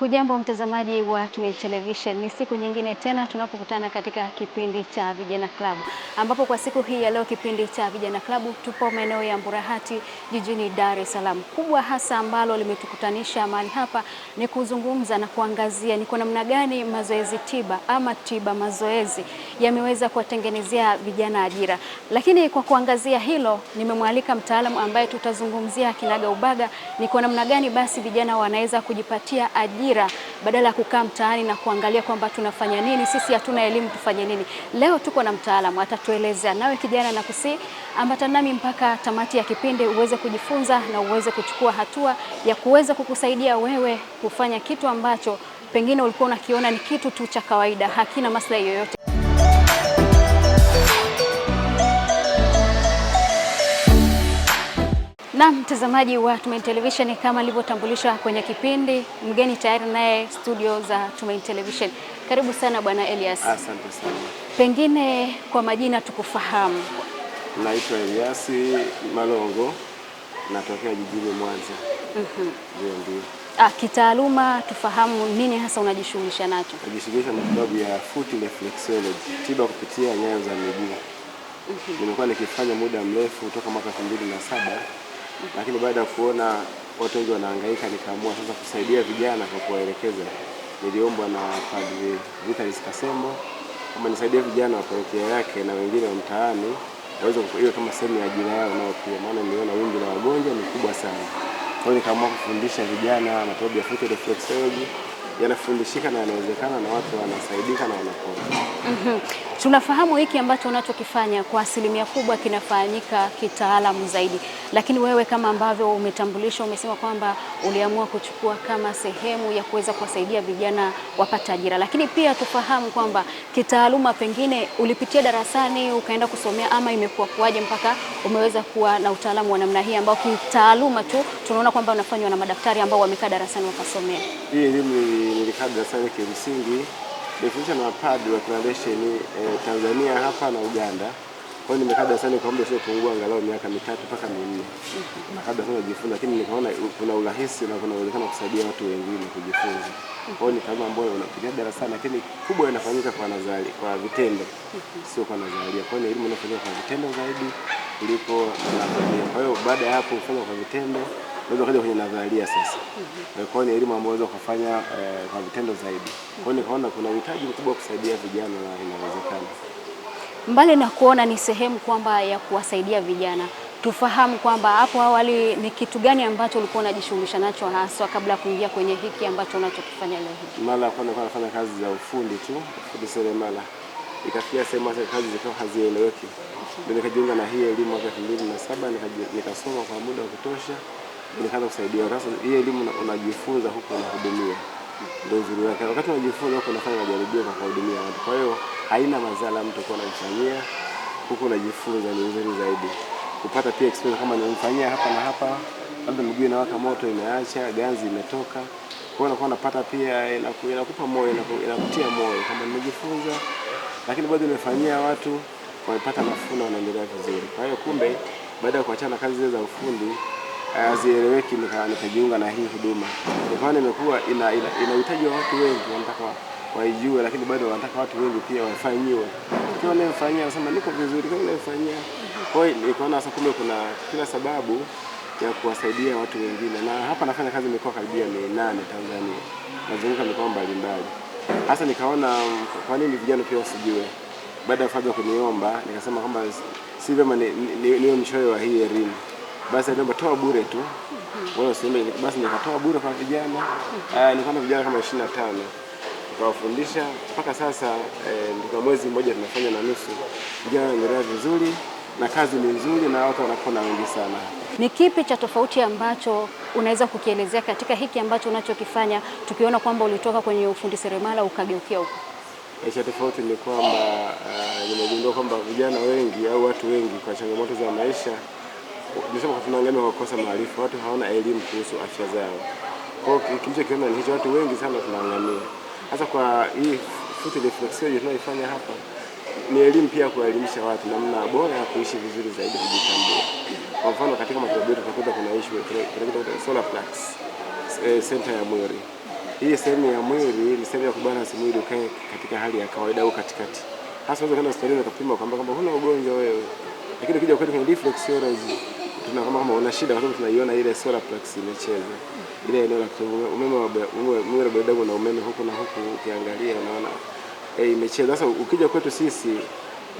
Hujambo mtazamaji wa Tumaini Television, ni siku nyingine tena tunapokutana katika kipindi cha Vijana Club ambapo kwa siku hii ya leo kipindi cha Vijana Klabu tupo maeneo ya Mburahati jijini Dar es Salaam. Kubwa hasa ambalo limetukutanisha mahali hapa ni kuzungumza na kuangazia ni kwa namna gani mazoezi tiba ama tiba mazoezi yameweza kuwatengenezea vijana ajira. Lakini kwa kuangazia hilo, nimemwalika mtaalamu ambaye tutazungumzia kinaga ubaga ni kwa namna gani basi vijana wanaweza kujipatia ajira ajira, badala ya kukaa mtaani na kuangalia kwamba tunafanya nini, sisi hatuna elimu, tufanye nini? Leo tuko na mtaalamu atatuelezea. Nawe kijana, na kusi ambata nami mpaka tamati ya kipindi uweze kujifunza na uweze kuchukua hatua ya kuweza kukusaidia wewe kufanya kitu ambacho pengine ulikuwa unakiona ni kitu tu cha kawaida, hakina maslahi yoyote. Na mtazamaji wa Tumaini Television, kama alivyotambulishwa kwenye kipindi, mgeni tayari naye studio za Tumaini Television. Karibu sana bwana Elias. Asante sana. Pengine kwa majina tukufahamu. Naitwa Elias Malongo, natokea jijini Mwanza. Mhm. Ndio, ndio. Ah, kitaaluma tufahamu nini hasa unajishughulisha nacho? Najishughulisha na sababu ya foot reflexology, tiba kupitia nyayo za miguu. Mhm. Nimekuwa nikifanya muda mrefu toka mwaka 2007 lakini baada ya kuona watu wengi wanahangaika, nikaamua sasa kusaidia vijana kwa kuwaelekeza. Niliombwa na Padri Vitalis Kasembo kama nisaidie vijana wa parokia yake na wengine wa mtaani waweze iwe kama sehemu ya ajira yao nao pia, maana niliona wingi la wagonjwa ni kubwa sana. Kwa hiyo nikaamua kufundisha vijana matobi ya foot reflexology yanafundishika na yanawezekana na watu wanasaidika na wanapona. mm -hmm. Tunafahamu hiki ambacho unachokifanya kwa asilimia kubwa kinafanyika kitaalamu zaidi, lakini wewe kama ambavyo umetambulisha, umesema kwamba uliamua kuchukua kama sehemu ya kuweza kuwasaidia vijana wapata ajira, lakini pia tufahamu kwamba kitaaluma pengine ulipitia darasani ukaenda kusomea, ama imekuwa kuwaje mpaka umeweza kuwa na utaalamu wa namna hii ambao kitaaluma tu tunaona kwamba unafanywa na madaktari ambao wamekaa darasani wakasomea hii elimu nilikaa darasani kimsingi, nifundisha na mapadri wa Foundation eh, Tanzania hapa na Uganda. Kwa hiyo nimekaa darasani kwa muda usiopungua angalau miaka mitatu mpaka minne. Nakaga sana kujifunza, lakini nikaona kuna urahisi na kuna uwezekano kusaidia watu wengine kujifunza. Kwa hiyo nikaona ambayo unapitia darasani, lakini kubwa inafanyika kwa nadharia, kwa vitendo, sio kwa nadharia. Kwa hiyo elimu inafanyika kwa vitendo zaidi kuliko nadharia. Kwa hiyo baada ya hapo kufanya kwa vitendo unaweza ukaja kwenye nadharia sasa. Kwa hiyo ni elimu ambayo unaweza kufanya eh, kwa vitendo zaidi. Kwa hiyo nikaona kuna uhitaji mkubwa wa kusaidia vijana na inawezekana. Mbali na kuona ni sehemu kwamba ya kuwasaidia vijana, tufahamu kwamba hapo awali ni kitu gani ambacho ulikuwa unajishughulisha nacho haswa kabla ya kuingia kwenye hiki ambacho unachokifanya leo hii? Mara ya kwanza nilikuwa nafanya kazi za ufundi tu, ufundi seremala. Ikafikia sehemu hata kazi zikawa hazieleweki. Mhm. Ndio nikajiunga na hii elimu mwaka 2007 nikasoma kwa muda wa kutosha nikaanza kusaidia. Sasa hii elimu unajifunza huko unahudumia, ndio uzuri wake. Wakati unajifunza huko unafanya majaribio kwa kuhudumia watu, kwa hiyo haina madhara mtu kwa unamfanyia huko, unajifunza ni uzuri zaidi kupata pia experience, kama nimemfanyia hapa na hapa, labda mguu inawaka moto, imeacha ganzi, imetoka kwa hiyo unakuwa unapata pia, inakupa moyo, inakutia moyo kama nimejifunza, lakini bado nimefanyia watu wamepata mafunzo, na wanaendelea vizuri. Kwa hiyo kumbe, baada ya kuachana na kazi zile za ufundi hazieleweki, nikajiunga na hii huduma. Kwa maana imekuwa inahitaji ina, ina watu wengi wanataka waijue, lakini bado wanataka watu wengi pia wafanyiwe. Kile unayofanyia anasema niko vizuri, kile unayofanyia. Kwa hiyo nikaona sasa kumbe kuna kila sababu ya kuwasaidia watu wengine, na hapa nafanya kazi mikoa karibia minane Tanzania, nazunguka mikoa mbalimbali. Hasa nikaona mm, kwa nini vijana pia wasijue. Baada ya Fadha kuniomba, nikasema kwamba si vyema ni, ni, ni, ni mchoyo wa hii elimu basi naomba toa bure tu wao sema basi nikatoa bure kwa vijana ah, kama vijana kama 25 tukawafundisha mpaka sasa eh, ndio mwezi mmoja tunafanya na nusu. Vijana wanaendelea vizuri na kazi ni nzuri na watu wanapona wengi sana. Ni kipi cha tofauti ambacho unaweza kukielezea katika hiki ambacho unachokifanya, tukiona kwamba ulitoka kwenye ufundi seremala ukageukia huko? Eh, cha tofauti ni kwamba uh, kwamba vijana wengi au watu wengi kwa changamoto za maisha nisema kwa tunaongelea wakosa maarifa, watu hawana elimu kuhusu afya zao. Kwa hiyo kilichokiona ni hicho, watu wengi sana tunaangamia. Hasa kwa hii foot reflexology tunaoifanya hapa ni elimu pia kuwaelimisha watu namna bora ya kuishi vizuri zaidi, kujitambua. Kwa mfano katika matibabu yetu tunakuta kuna issue tunakuta solar plex eh, center ya mwili. Hii sehemu ya mwili ni sehemu ya kubalansi mwili ukae katika hali ya kawaida au katikati. Hasa unaweza kwenda hospitalini ukapima kwamba kwamba huna ugonjwa wewe, lakini ukija kwenye reflexology tuna kama kama una shida, kwa tunaiona ile solar plex imecheza ile eneo la kutoa umeme wa umeme wa bodaboda na umeme huko na huko, ukiangalia unaona eh, imecheza. Sasa ukija kwetu sisi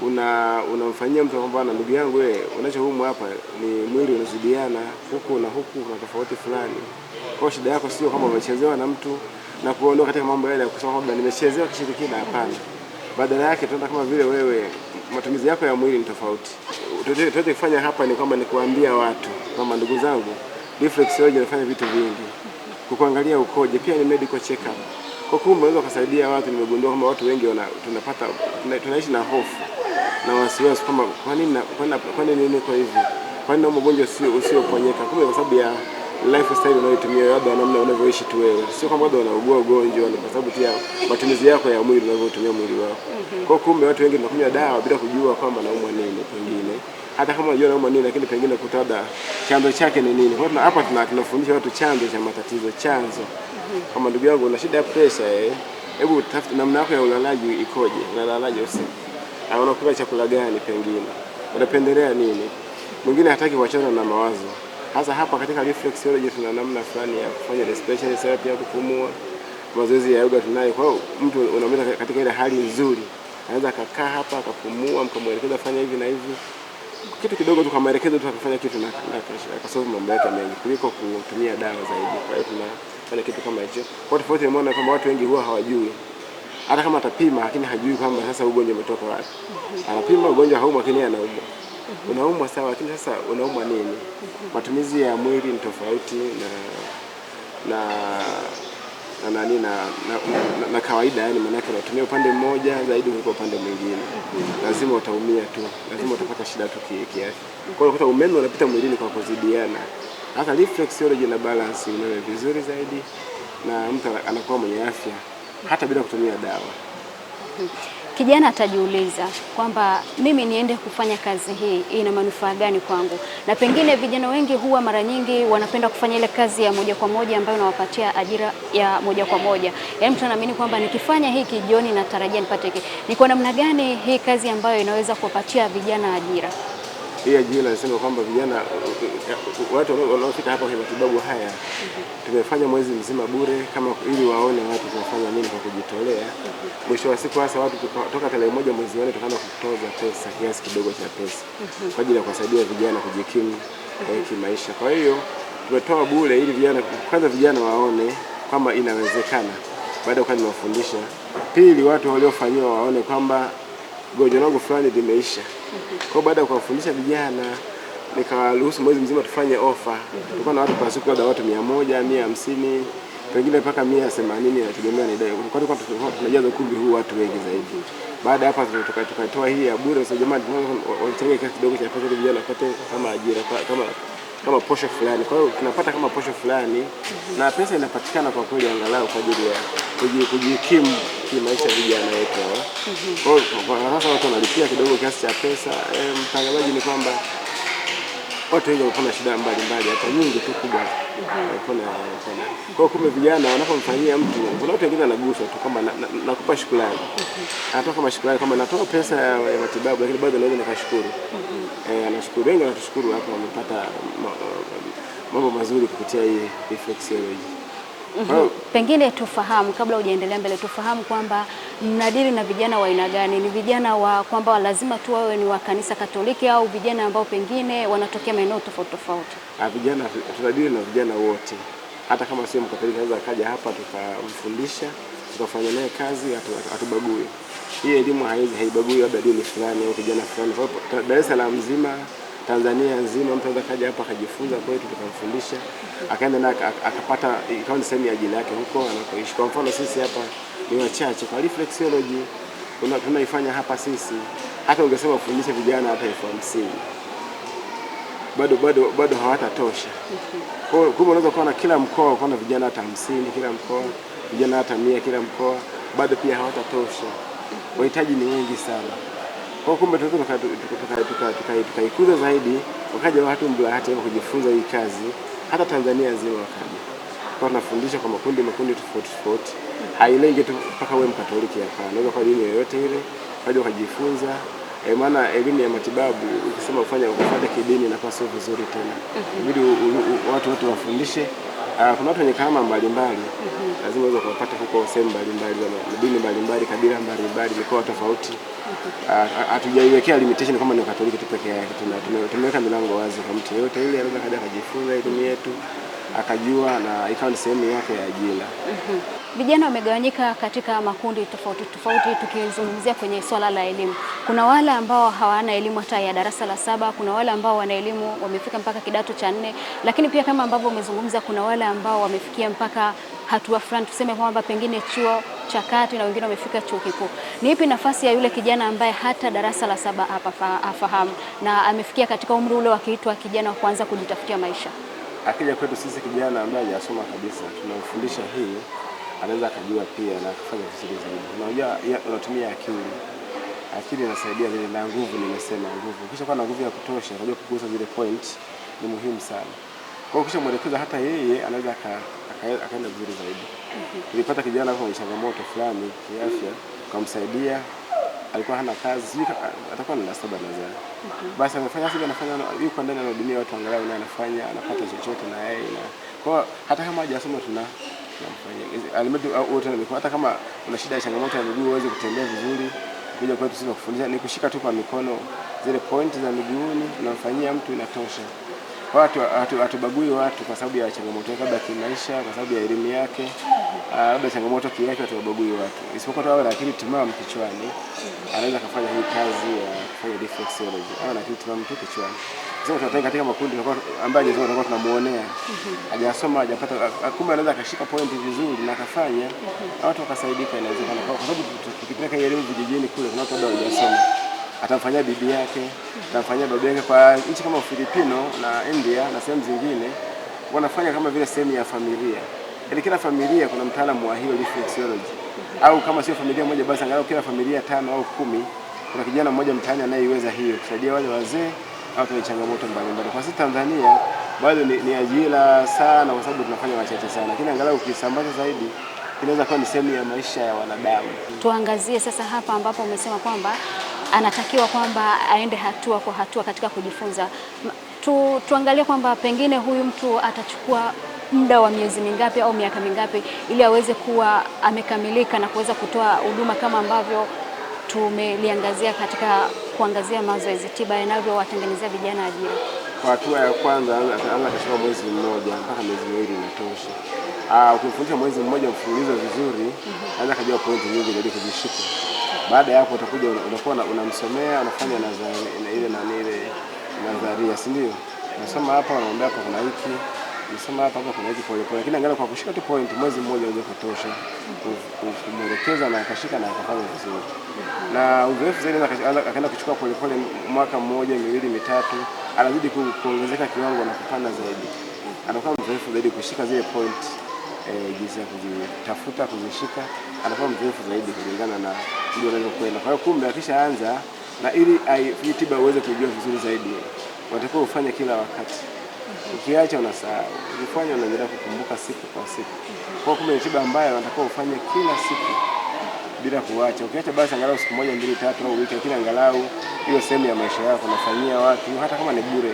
una unamfanyia mtu kwamba na ndugu yangu wewe unachohumu hapa ni mwili unazidiana huku na huku, kuna tofauti fulani. Kwa shida yako sio kama umechezewa na mtu na kuondoka katika mambo yale ya kusema kwamba nimechezewa kishirikina, hapana badala yake tunaenda kama vile wewe, matumizi yako ya mwili ni tofauti. tuweze kufanya hapa ni kwamba ni kuambia watu kwamba, ndugu zangu, reflex surgery inafanya vitu vingi, kukuangalia ukoje, pia ni medical check up. Kwa kuwa unaweza kusaidia watu. Nimegundua kwamba watu wengi wana, tunapata tuna, tunaishi na hofu na wasiwasi kwamba kwa nini kwa nini niko hivi, kwa nini mgonjwa usio usio kumbe kwa sababu ya lifestyle unayotumia labda namna unavyoishi tu wewe, sio kwamba labda unaugua ugonjwa, ni kwa sababu pia matumizi yako ya mwili, unavyotumia mwili wako. Mhm. Kwa kumbe watu wengi wanakunywa dawa bila kujua kwamba naumwa nini, pengine hata kama unajua naumwa nini, lakini pengine kutada chanzo chake ni nini. Kwa hiyo hapa tunafundisha watu chanzo cha matatizo, chanzo mhm. kama ndugu yangu una shida ya pressure eh, hebu tafuta namna yako ya ulalaji ikoje, unalalaje usiku, unakula chakula gani, pengine unapendelea nini. Mwingine hataki kuachana na mawazo sasa hapa katika reflexology tuna namna fulani ya kufanya respiration therapy ya kupumua, mazoezi ya yoga tunayo. Kwa hiyo mtu unamweka katika ile hali nzuri, anaweza akakaa hapa akapumua, mkamwelekeza fanya hivi na hivi, kitu kidogo tu kama elekezo tu akafanya kitu na akasolve mambo yake mengi kuliko kutumia dawa zaidi. Kwa hiyo tunafanya kitu kama hicho. Kwa tofauti maana kama watu wengi huwa hawajui hata kama atapima lakini hajui kwamba sasa ugonjwa umetoka wapi. Anapima ugonjwa hauma, lakini yeye anaumwa. Mm-hmm. unaumwa sawa, lakini sasa unaumwa nini? Mm-hmm. Matumizi ya mwili ni tofauti na na na nani na, na, na, na kawaida yani, maana yake unatumia upande mmoja zaidi kuliko upande mwingine. Mm-hmm. Lazima utaumia tu, lazima utapata shida tu kiasi Kwa hiyo unakuta umeme unapita mwilini kwa kuzidiana. Hata reflexology na balance unawe vizuri zaidi, na mtu anakuwa mwenye afya hata bila kutumia dawa kijana atajiuliza kwamba mimi niende kufanya kazi hii ina manufaa gani kwangu, na pengine vijana wengi huwa mara nyingi wanapenda kufanya ile kazi ya moja kwa moja ambayo inawapatia ajira ya moja kwa moja, yaani mtu anaamini kwamba nikifanya hiki jioni natarajia nipate hiki. Ni kwa namna gani hii kazi ambayo inaweza kuwapatia vijana ajira? hii ajira nasema kwamba vijana watu wanaofika hapa kwa matibabu haya tumefanya mwezi mzima bure, kama ili waone watu tunafanya nini kwa kujitolea. Mwisho wa siku hasa watu toka tarehe moja mwezi wa nne tukaanza kutoza pesa, kiasi kidogo cha pesa kwa ajili ya kuwasaidia vijana kujikimu eh, kimaisha. Kwa hiyo tumetoa bure ili vijana kwanza, vijana waone kwamba inawezekana baada ya kuwa nimewafundisha. Pili, watu waliofanyiwa waone kwamba gonjwa langu fulani limeisha. Kwa baada ya kuwafundisha vijana nikawaruhusu mwezi mzima tufanye ofa. Tulikuwa na watu kwa siku labda watu 100, 150, pengine mpaka 180 inategemea na idadi. Kwa hiyo tulikuwa tunajaza ukumbi huu watu wengi zaidi. Baada ya hapa tukatoa hii ya bure, sasa jamani, wachange kiasi kidogo cha pesa vijana wapate kama ajira kama kama posho fulani. Kwa hiyo tunapata kama posho fulani na pesa inapatikana kwa kweli angalau kwa ajili ya kujikimu hawashughulikii maisha ya vijana wetu hao. Eh. Kwa sasa watu wanalipia kidogo kiasi cha pesa. Eh, mtangazaji ni kwamba watu wengi wamepona shida mbalimbali, hata nyingi tu kubwa mhm. wamepona. Kwa kumbe vijana wanapomfanyia mtu, kuna watu wengine wanaguswa tu, kama nakupa shukrani, mhm. anatoa kama shukrani, kwamba natoa pesa ya matibabu, lakini bado naweza nikashukuru. Mhm. Eh, anashukuru, wengi wanatushukuru hapa, wamepata mambo mazuri kupitia hii reflexology. Mm -hmm. Pengine tufahamu kabla hujaendelea mbele, tufahamu kwamba mnadili na vijana wa aina gani? Ni vijana wa kwamba lazima tu wawe ni wa kanisa Katoliki au vijana ambao pengine wanatokea maeneo tofauti tofauti? Ah, vijana tunadili na vijana wote, hata kama sio Mkatoliki anaweza akaja hapa tukamfundisha, tukafanya naye kazi, hatubagui. Hii elimu haibagui labda dini fulani au kijana fulani. Kwa hiyo Dar es Salaam mzima Tanzania nzima, mtu anaweza kaja hapa akajifunza kwetu tukamfundisha, akaenda na akapata, ikawa ni sehemu ya jina yake huko anakoishi. Kwa mfano sisi hapa ni wachache kwa reflexology tunaifanya hapa sisi, hata ungesema ufundishe vijana hata elfu hamsini bado bado bado hawatatosha. Kwa hiyo unaweza kuwa na kila mkoa ukawa na vijana hata hamsini kila mkoa, vijana hata mia kila mkoa, bado pia hawatatosha. Wahitaji ni wengi sana. Kwa kumbe tunaweza tukaikuza zaidi, wakaja watu Mburahati hapa kujifunza hii kazi, hata Tanzania nzima wakaja kwa tunafundisha kwa makundi makundi tofauti tofauti, hailengi tu mpaka wewe Mkatoliki. Hapana, unaweza kwa dini yoyote ile kaja ukajifunza eh, maana elimu ya matibabu ukisema ufanya ufuate kidini inakuwa sio vizuri tena, mhm. inabidi watu wote wafundishe Ah, kuna watu wenye kama mbalimbali mhm. lazima uweze kuwapata huko sehemu mbalimbali za dini mbalimbali, kabila mbalimbali, mikoa tofauti. Mhm. Ah, hatujaiwekea limitation kama ni Katoliki tu peke yake, tumeweka milango wazi kwa mtu yeyote ile anaweza kaja akajifunza elimu yetu akajua na ikawa ni sehemu yake ya ajira. Mhm. Vijana wamegawanyika katika makundi tofauti tofauti. Tukizungumzia kwenye swala la elimu, kuna wale ambao hawana elimu hata ya darasa la saba, kuna wale ambao wana elimu wamefika mpaka kidato cha nne, lakini pia kama ambavyo umezungumza, kuna wale ambao wamefikia mpaka hatua fulani, tuseme kwamba pengine chuo cha kati na wengine wamefika chuo kikuu. Ni ipi nafasi ya yule kijana ambaye hata darasa la saba hapa afahamu na amefikia katika umri ule wakiitwa kijana wa kuanza kujitafutia maisha? Akija kwetu sisi, kijana ambaye hajasoma kabisa, tunamfundisha hii anaweza akajua pia na kufanya vizuri zaidi. Unajua unatumia akili, akili inasaidia vile, na nguvu. Nimesema nguvu, kisha kuwa na nguvu ya kutosha, unajua kugusa zile point ni muhimu sana. Kwa kisha mwelekeza, hata yeye anaweza akaenda vizuri zaidi. Nilipata kijana kwa changamoto fulani kiafya, kumsaidia alikuwa hana kazi, atakuwa na saba na mm Basi amefanya sasa, anafanya yuko ndani, anahudumia watu, angalau naye anafanya anapata chochote na yeye na kwa hata kama hajasoma tuna tunamfanyia alimradi wote na mikono. Hata kama una shida ya changamoto ya miguu uweze kutembea vizuri, kuja kwetu sisi kufundisha ni kushika tu kwa mikono zile point za miguuni, tunamfanyia mtu inatosha. Kwa watu hatubagui watu kwa sababu ya changamoto yake, labda kimaisha, kwa sababu ya elimu yake, ah, labda changamoto kiasi, hatubagui watu, isipokuwa tu awe na akili timamu kichwani, anaweza kufanya hii kazi ya kufanya reflexology, awe na akili timamu tu kichwani zote tunataka katika makundi ambayo hizo zote tunamuonea. Hajasoma, hajapata kumbe anaweza akashika point vizuri na akafanya watu wakasaidika inawezekana. Kwa sababu tukipeleka elimu vijijini kule kuna watu bado hawajasoma. Atamfanyia bibi yake, atamfanyia babu yake kwa nchi kama Filipino na India na sehemu zingine wanafanya kama vile sehemu ya familia. Yaani kila familia kuna mtaalamu wa hiyo reflexology. Au kama sio familia moja basi angalau kila familia tano au kumi kuna kijana mmoja mtaani anayeiweza hiyo kusaidia wale wazee watu wenye changamoto mbalimbali. Kwa sisi Tanzania bado ni, ni ajira sana, kwa sababu tunafanya wachache sana, lakini angalau ukisambaza zaidi inaweza kuwa ni sehemu ya maisha ya wanadamu. Tuangazie sasa hapa ambapo umesema kwamba anatakiwa kwamba aende hatua kwa hatua katika kujifunza tu, tuangalie kwamba pengine huyu mtu atachukua muda wa miezi mingapi au miaka mingapi ili aweze kuwa amekamilika na kuweza kutoa huduma kama ambavyo tumeliangazia katika kuangazia mazoezi tiba yanavyowatengenezea vijana ajira. Kwa hatua ya kwanza anza kasema mwezi mmoja mpaka miezi miwili inatosha. Ah, ukimfundisha mwezi mmoja mfululizo vizuri, mhm. anza -hmm. kujua pointi nyingi ili kujishika. Baada ya hapo utakuja unakuwa unamsomea unafanya nadharia ile na ile nadharia, si ndio? Nasoma hapa, unaombea hapa, kuna hiki nisema hapa hapa kuna hizi pole pole, lakini angalau kwa kushika tu point mwezi mmoja unaweza kutosha kumwelekeza na akashika na akafanya vizuri. Na uzoefu zaidi akaenda kuchukua pole pole mwaka mmoja miwili mitatu, anazidi kuongezeka kiwango na kupanda zaidi, anakuwa mzoefu zaidi kushika zile point eh, jinsi ya kuzitafuta kuzishika, anakuwa mzoefu zaidi kulingana na ndio anavyokwenda. Kwa hiyo kumbe akishaanza na ili tiba uweze kujua vizuri zaidi, watakuwa ufanye kila wakati. Ukiacha unasahau, ukifanya unaendelea kukumbuka siku kwa siku. Kwa kumbe ni tiba ambayo unatakiwa ufanye kila siku bila kuacha. Ukiacha basi angalau siku moja mbili tatu au wiki, lakini angalau hiyo sehemu ya maisha yako unafanyia watu, hata kama ni bure,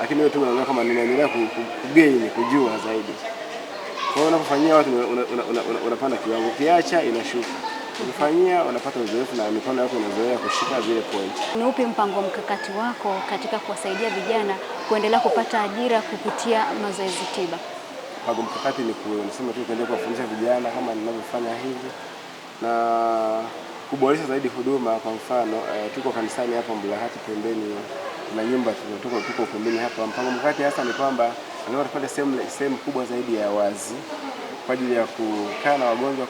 lakini wewe tu unaona kama ninaendelea kugain kujua zaidi. Kwa hiyo unapofanyia watu unapanda kiwango, ukiacha inashuka kufanyia unapata uzoefu na mikono yako inazoea kushika zile point. Ni upi mpango mkakati wako katika kuwasaidia vijana kuendelea kupata ajira kupitia mazoezi tiba? Mpango mkakati ni kusema tu kuendelea kuwafundisha vijana kama ninavyofanya hivi na kuboresha zaidi huduma. Kwa mfano e, tuko kanisani hapa Mbulahati pembeni na nyumba tuko tuko pembeni hapa. Mpango mkakati hasa ni kwamba tunataka tupate sehemu kubwa zaidi ya wazi kwa ajili ya kukaa na wagonjwa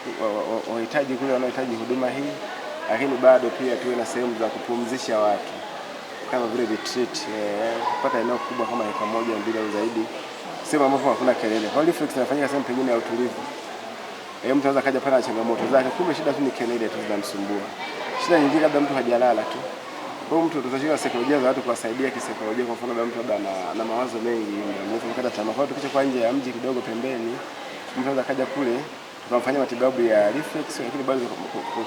wahitaji kule wanaohitaji huduma hii, lakini bado pia tuwe na sehemu za kupumzisha watu kama vile retreat, eh, kupata eneo kubwa kama eka moja mbili au zaidi, sehemu ambapo hakuna kelele. Kwa hiyo reflex inafanyika sehemu pengine ya utulivu. Eh, mtu anaweza kaja pale na changamoto zake, kumbe shida tu ni kelele tu zinamsumbua. Shida nyingine labda mtu hajalala tu. Kwa hiyo mtu tutashika saikolojia za watu kuwasaidia kisaikolojia. Kwa mfano labda mtu labda na, mawazo mengi, mtu mkata tamaa. Kwa hiyo tukicho kwa nje ya mji kidogo pembeni mtu anaweza kaja kule tukamfanyia matibabu ya reflex, lakini bado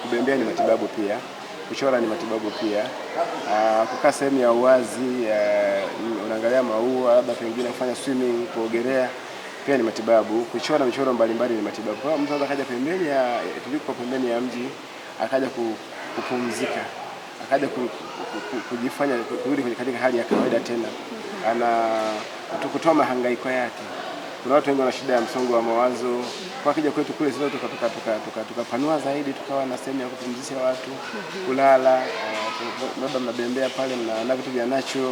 kubembea ni matibabu pia, kuchora ni matibabu pia, ah, kukaa sehemu ya uwazi, ah, unaangalia maua, labda pengine kufanya swimming, kuogelea pia ni matibabu, kuchora michoro mbalimbali ni matibabu. Kwa mtu anaweza kaja pembeni ya tuliko pembeni ya mji akaja kupumzika, akaja kujifanya kurudi katika hali ya kawaida tena, ana kutoa mahangaiko yake. Kuna watu wengi wana shida ya msongo wa mawazo, kwa kija kwetu kule sasa tukapanua tuka, tuka, zaidi tukawa na sehemu ya kupumzisha watu kulala, eh, labda uh, mnabembea pale mna na vitu vya nacho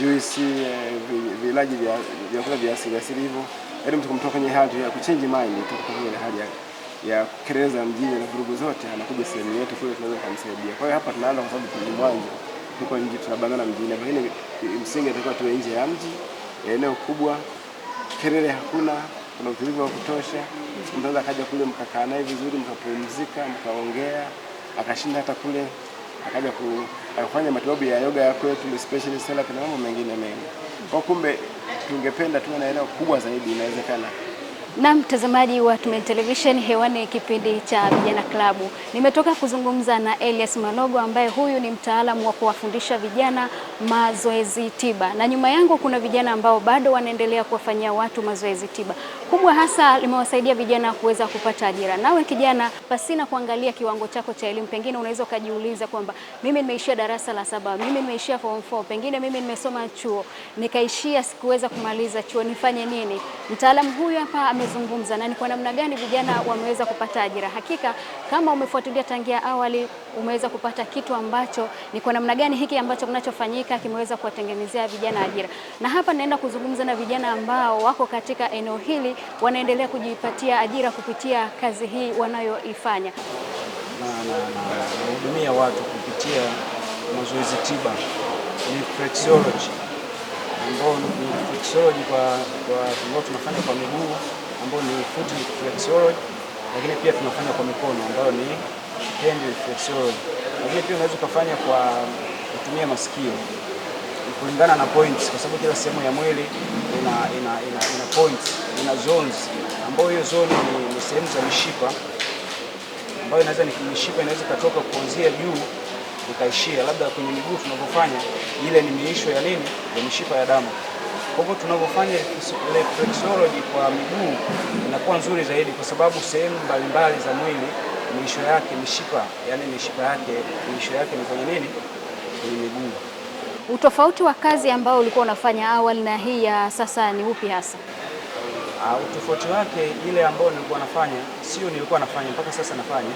juisi, uh, eh, vilaji vya vyakula vya asili asili hivyo, ili yaani mtu kumtoka kwenye hali ya kuchange mind, kutoka kwenye hali ya ya kereza mjini na vurugu zote, anakuja sehemu yetu kule, tunaweza kumsaidia. Kwa hiyo hapa tunaanza kwa sababu ni mwanzo tuko nje, tunabangana mjini, lakini msingi atakuwa tuwe nje ya mji, eneo kubwa kelele hakuna, kuna utulivu wa kutosha. Mtoto akaja kule mkakaa naye vizuri, mkapumzika, mkaongea, akashinda hata kule akaja kufanya matibabu ya yoga ya kwetu especially sala, kuna mambo mengine mengi kwa kumbe, tungependa tuwe na eneo kubwa zaidi inawezekana. Na mtazamaji wa Tumaini Television, hewani kipindi cha Vijana Klabu. Nimetoka kuzungumza na Elias Manogo ambaye huyu ni mtaalamu wa kuwafundisha vijana mazoezi tiba, na nyuma yangu kuna vijana ambao bado wanaendelea kuwafanyia watu mazoezi tiba kubwa hasa limewasaidia vijana kuweza kupata ajira. Nawe kijana, pasina kuangalia kiwango chako cha elimu, pengine unaweza ukajiuliza kwamba mimi nimeishia darasa la saba, mimi nimeishia form 4, pengine mimi nimesoma chuo nikaishia, sikuweza kumaliza chuo, nifanye nini? Mtaalamu huyu hapa amezungumza, na ni kwa namna gani vijana wameweza kupata ajira. Hakika kama umefuatilia tangia awali, umeweza kupata kitu ambacho ni kwa namna gani hiki ambacho kinachofanyika kimeweza kuwatengenezea vijana ajira, na hapa naenda kuzungumza na vijana ambao wako katika eneo hili wanaendelea kujipatia ajira kupitia kazi hii wanayoifanya. Nahudumia na, na, watu kupitia mazoezi tiba, ni flexology ambao ni flexology kwa ambao tunafanya kwa miguu ambao ni foot flexology, lakini pia tunafanya kwa mikono ambayo ni hand flexology, lakini pia unaweza ukafanya kwa kutumia masikio kulingana na points, kwa sababu kila sehemu ya mwili ina, ina, ina, ina points, ina zones, ambayo hiyo zone ni, ni sehemu za mishipa ambayo inaweza ni mishipa inaweza ikatoka kuanzia juu ikaishia labda kwenye miguu. Tunavyofanya ile ni miisho ya nini, ya mishipa ya damu. Kwa hivyo tunavyofanya reflexology kwa miguu inakuwa nzuri zaidi, kwa sababu sehemu mbalimbali za mwili miisho yake mishipa, yani mishipa yake miisho yake ni kwenye nini, kwenye miguu. Utofauti wa kazi ambao ulikuwa unafanya awali na hii ya sasa ni upi hasa? Uh, utofauti wake ile ambayo nilikuwa nafanya sio nilikuwa nafanya mpaka sasa nafanya,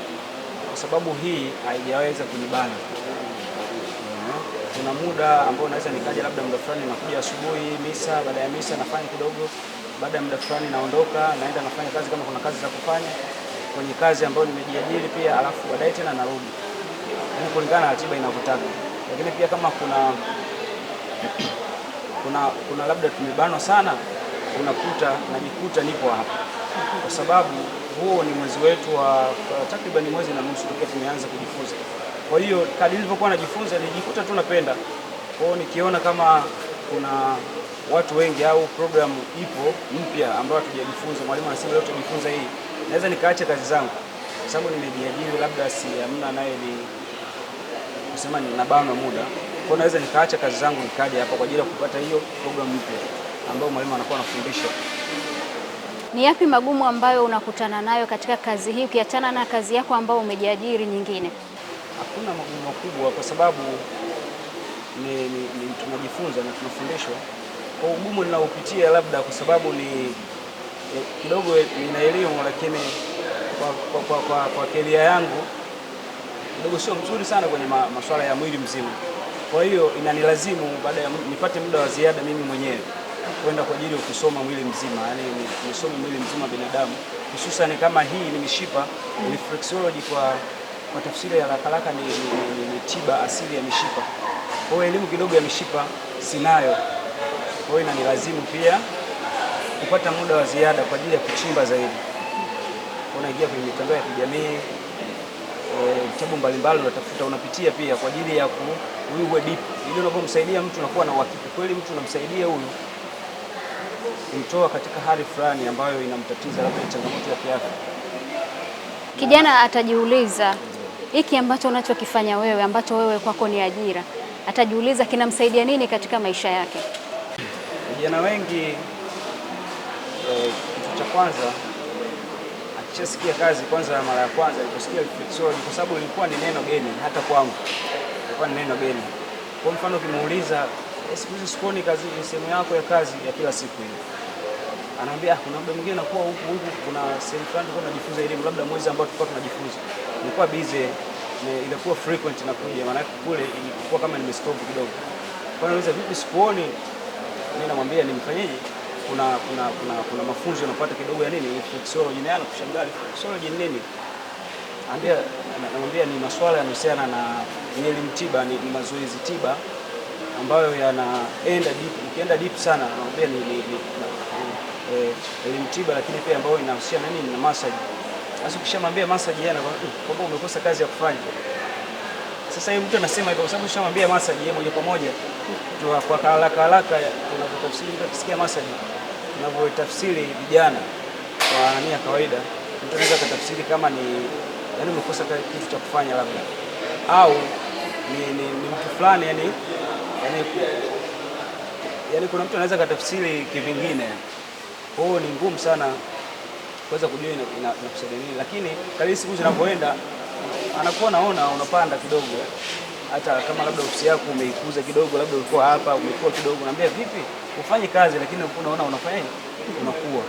kwa sababu hii haijaweza kunibana. Kuna muda ambao naweza nikaja, labda muda fulani nakuja asubuhi misa, baada ya misa nafanya kidogo, baada ya muda fulani naondoka naenda nafanya kazi kama kuna kazi za kufanya kwenye kazi ambayo nimejiajiri pia, alafu baadaye tena narudi, yaani kulingana na ratiba inavyotaka lakini pia kama kuna kuna, kuna labda tumebanwa sana, unakuta najikuta nipo hapa kwa sababu huo ni mwezi wetu wa takriban mwezi na nusu tokea tumeanza kujifunza. Kwa hiyo kadri nilivyokuwa najifunza nilijikuta tu napenda kwao, nikiona kama kuna watu wengi au programu ipo mpya ambayo hatujajifunza, mwalimu anasema leo tujifunza hii, naweza nikaacha kazi zangu kwa sababu nimejiajiri, labda si amna naye ni kusema ninabanwa muda, kwa naweza nikaacha kazi zangu nikaja hapa kwa ajili ya kupata hiyo programu mpya ambayo mwalimu anakuwa anafundisha. Ni yapi magumu ambayo unakutana nayo katika kazi hii ukiachana na kazi yako ambayo umejiajiri nyingine? Hakuna magumu makubwa kwa sababu ni, ni, ni tunajifunza na tunafundishwa. Kwa ugumu ninaopitia labda kwa sababu ni eh, kidogo nina elimu lakini kwa, kwa, kwa, kwa, kwa kelia yangu kidogo sio mzuri sana kwenye ma, masuala ya mwili mzima. Kwa hiyo inanilazimu baada ya nipate muda wa ziada mimi mwenyewe kwenda kwa ajili ya kusoma mwili mzima, yani nisome mwili mzima binadamu, hususan kama hii ni mishipa reflexology. Kwa, kwa tafsiri ya rakaraka ni, ni, ni, ni tiba asili ya mishipa. Kwa hiyo elimu kidogo ya mishipa sinayo, kwa hiyo inanilazimu pia kupata muda wa ziada kwa ajili ya kuchimba zaidi. Unaingia kwenye mitandao ya kijamii vitabu e, mbalimbali unatafuta unapitia pia kwa ajili ya kuiwe deep, ili unapomsaidia mtu unakuwa na uhakika kweli mtu unamsaidia huyu kumtoa katika hali fulani ambayo inamtatiza labda changamoto ya kiafya. Kijana atajiuliza hiki ambacho unachokifanya wewe, ambacho wewe kwako ni ajira, atajiuliza kinamsaidia nini katika maisha yake. Vijana wengi e, kitu cha kwanza nilichosikia kazi kwanza na mara ya kwanza niliposikia Flexology kwa sababu ilikuwa ni neno geni hata kwangu. Ilikuwa ni neno geni. Kwa mfano ukimuuliza eh, siku hizi sikuoni kazi sehemu yako ya kazi ya kila siku hiyo. Anaambia ah, kuna muda mwingine nakuwa huku huku kuna sehemu fulani tulikuwa tunajifunza elimu labda mwezi ambao tulikuwa tunajifunza. Nilikuwa busy ilikuwa frequent na kuja maana kule ilikuwa kama nimestop kidogo. Kwa nini niweza vipi sikuoni? Mimi namwambia nimfanyeje? kuna kuna kuna, kuna mafunzo yanapata kidogo ya nini reflexology ni yana kushangaa reflexology ni nini? Ambia anamwambia ni masuala yanohusiana na mwili mtiba ni, ni mazoezi tiba ambayo yanaenda deep, ukienda deep sana anamwambia ni, ni, ni, elimu eh, tiba lakini pia ambayo inahusiana nini na massage. Sasa ukishamwambia massage yana kwa sababu hmm, umekosa kazi ya kufanya. Sasa hiyo mtu anasema hivyo kwa sababu ushamwambia massage yeye moja kwa moja hmm, kwa haraka haraka, unapotafsiri mtu akisikia massage navyotafsiri vijana kwa nia kawaida, mtu anaweza akatafsiri kama ni yani umekosa kitu cha kufanya labda, au ni, ni, ni mtu fulani yani, yani, yani kuna mtu anaweza akatafsiri kivingine. Kwa hiyo ni ngumu sana kuweza kujua inakusaidia nini, lakini kadri siku zinavyoenda anakuwa naona unapanda kidogo, hata kama labda ofisi yako umeikuza kidogo, labda ulikuwa hapa umekuwa kidogo, naambia vipi ufanye kazi, lakini unaona unafanya unakuwa.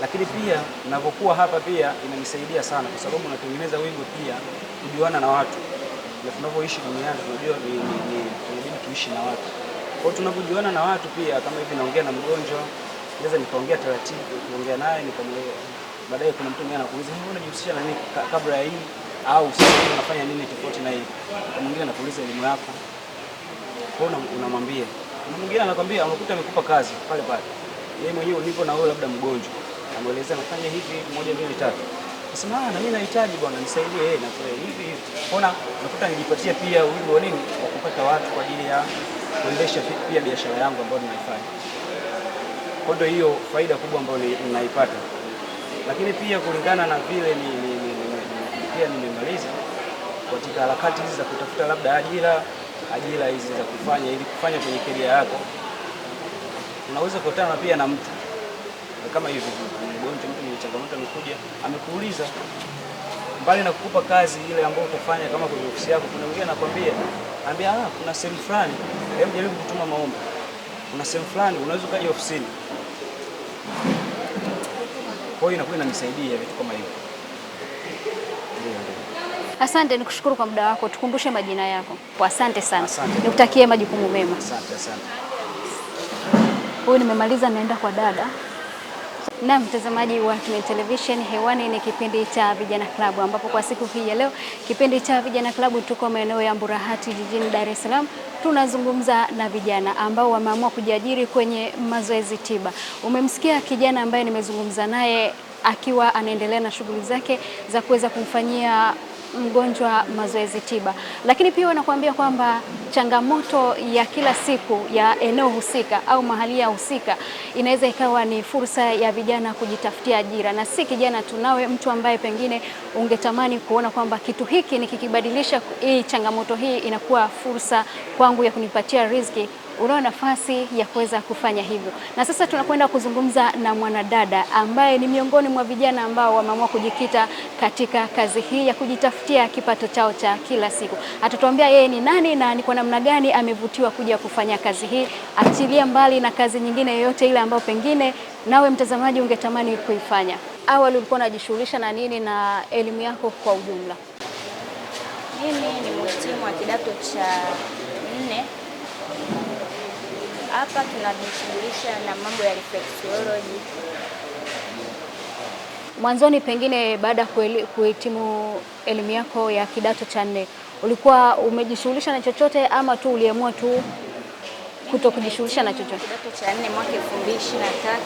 Lakini pia ninapokuwa hapa pia inanisaidia sana, kwa sababu natengeneza wingo pia kujuana na watu na tunapoishi duniani tunajua ni, ni, ni, tunabidi tuishi na watu. Kwa hiyo tunapojuana na watu pia, kama hivi naongea na mgonjwa, naweza nikaongea taratibu, kuongea naye nikamwelewa. Baadaye kuna mtu mwingine anakuuliza, hivi, unajihusisha na nini kabla ya hii au sasa unafanya nini tofauti na hii?" Mwingine anakuuliza elimu yako. Kwa hiyo unamwambia mwingine anakwambia amekuta amekupa kazi pale pale, yeye mwenyewe nipo na wewe, labda mgonjwa, anaeleza nafanya hivi moja mbili tatu, nasema ah, na mimi nahitaji bwana nisaidie, yeye na kwa hivi hivi. ona nakuta nijipatia pia wigo nini wa kupata watu kwa ajili ya kuendesha pia biashara yangu ambayo ninaifanya. Kwa hiyo hiyo faida kubwa ambayo ninaipata, lakini pia kulingana na vile ni, ni, ni, ni, ni, pia nimemaliza katika harakati hizi za kutafuta labda ajira ajira hizi za kufanya ili kufanya kwenye keria yako, unaweza kukutana pia na mtu kama hivi mgonjwa, mtu mwenye changamoto amekuja amekuuliza, mbali na kukupa kazi ile ambayo utafanya kama kwenye ofisi yako, kuna mwingine anakwambia anambia ah, kuna sehemu fulani, hebu jaribu kutuma maombi, kuna sehemu fulani unaweza ukaja ofisini. Kwa hiyo inakuwa inanisaidia vitu kama hivi. Asante, nikushukuru kwa muda wako. Tukumbushe majina yako. Asante sana, nikutakie majukumu mema. Asante sana. Huyu nimemaliza, naenda kwa dada. Na mtazamaji wa Tumaini Television, hewani ni kipindi cha Vijana Klabu, ambapo kwa siku hii ya leo kipindi cha Vijana Klabu tuko maeneo ya Mburahati jijini Dar es Salaam. Tunazungumza na vijana ambao wameamua kujiajiri kwenye mazoezi tiba. Umemsikia kijana ambaye nimezungumza naye akiwa anaendelea na shughuli zake za kuweza kumfanyia mgonjwa mazoezi tiba, lakini pia wanakuambia kwamba changamoto ya kila siku ya eneo husika au mahali ya husika inaweza ikawa ni fursa ya vijana kujitafutia ajira, na si kijana tunawe, mtu ambaye pengine ungetamani kuona kwamba kitu hiki nikikibadilisha, hii changamoto hii inakuwa fursa kwangu ya kunipatia riziki unao nafasi ya kuweza kufanya hivyo. Na sasa tunakwenda kuzungumza na mwanadada ambaye ni miongoni mwa vijana ambao wameamua kujikita katika kazi hii ya kujitafutia kipato chao cha kila siku. Atatuambia yeye ni nani na ni kwa namna gani amevutiwa kuja kufanya kazi hii, achilia mbali na kazi nyingine yoyote ile ambayo pengine nawe mtazamaji ungetamani kuifanya. Awali ulikuwa unajishughulisha na nini na elimu yako kwa ujumla? Mimi ni mhitimu wa kidato cha nne hapa tunajishughulisha na mambo ya reflexology. Mwanzoni pengine baada ya kuhitimu elimu yako ya kidato cha nne, ulikuwa umejishughulisha na chochote ama tu uliamua tu kuto kujishughulisha na chochote? Kidato cha nne mwaka 2023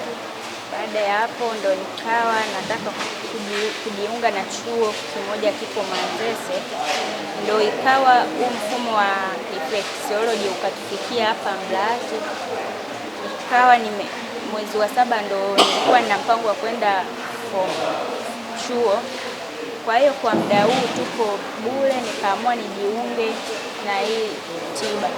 baada ya hapo ndo nikawa nataka kujiunga na chuo kimoja kiko Manzese, ndo ikawa huu mfumo wa reflexology ukatufikia hapa Mlazi. Ikawa nime mwezi wa saba ndo nilikuwa na mpango wa kwenda chuo. Kwa hiyo kwa muda huu tuko bure, nikaamua nijiunge na hii tiba.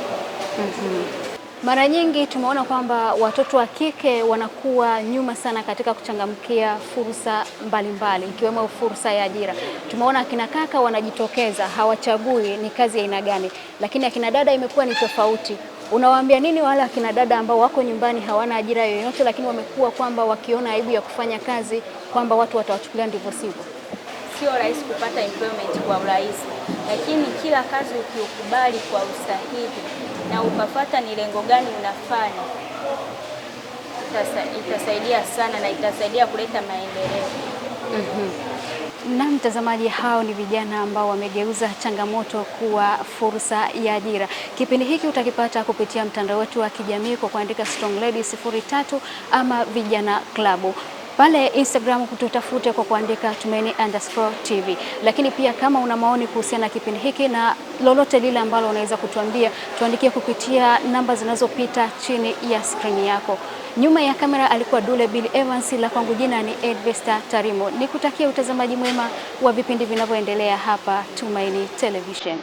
mm -hmm. Mara nyingi tumeona kwamba watoto wa kike wanakuwa nyuma sana katika kuchangamkia fursa mbalimbali ikiwemo fursa ya ajira. Tumeona akina kaka wanajitokeza, hawachagui ni kazi ya aina gani, lakini akina dada imekuwa ni tofauti. Unawaambia nini wale akina dada ambao wako nyumbani hawana ajira yoyote, lakini wamekuwa kwamba wakiona aibu ya kufanya kazi, kwamba watu watawachukulia ndivyo sivyo? Sio rahisi kupata employment kwa urahisi, lakini kila kazi ukiukubali kwa usahihi na ukapata ni lengo gani unafanya, itasaidia sana na itasaidia kuleta maendeleo. mm -hmm. Na mtazamaji, hao ni vijana ambao wamegeuza changamoto kuwa fursa ya ajira. Kipindi hiki utakipata kupitia mtandao wetu wa kijamii kwa kuandika Strong Lady 03 ama Vijana Klabu pale Instagram kututafute kwa kuandika Tumaini underscore TV. Lakini pia kama una maoni kuhusiana na kipindi hiki na lolote lile ambalo unaweza kutuambia, tuandikie kupitia namba zinazopita chini ya skrini yako. Nyuma ya kamera alikuwa Dule Bill Evans, la kwangu jina ni Edvesta Tarimo. Nikutakia utazamaji mwema wa vipindi vinavyoendelea hapa Tumaini Television.